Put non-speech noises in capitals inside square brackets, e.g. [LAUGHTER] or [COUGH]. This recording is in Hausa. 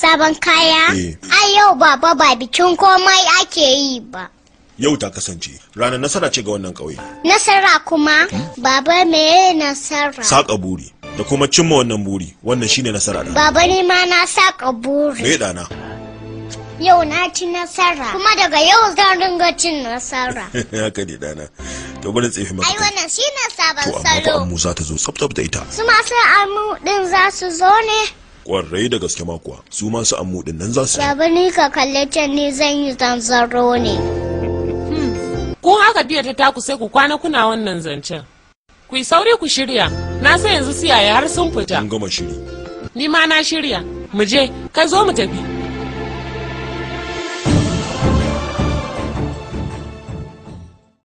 sabon kaya? A eh. Ai yau baba ba bikin komai ake yi ba. Yau ta kasance ranar nasara ce ga wannan ƙauye. Nasara kuma hmm? baba me nasara? Saƙa buri da kuma cimma wannan buri wannan shine nasara da. Baba ne ma na saƙa buri. Me dana? Yau na ci nasara kuma daga yau zan ringa cin nasara. [LAUGHS] Haka ne dana. To gudun tsefi maka. Ai wannan shine sabon salo. To amma amu Musa ta zo tsaf da ita. Su masu amu din za su zo ne. kwarai da gaske makuwa su masu ammu din nan za su baba ni ka kalle can ne zan yi zanzaro ne hmm. ko haka biya ta taku sai ku kwana kuna wannan zancen ku yi sauri ku shirya na san yanzu siyaye har sun fita an gama shiri ni ma na shirya mu je kai zo mu tafi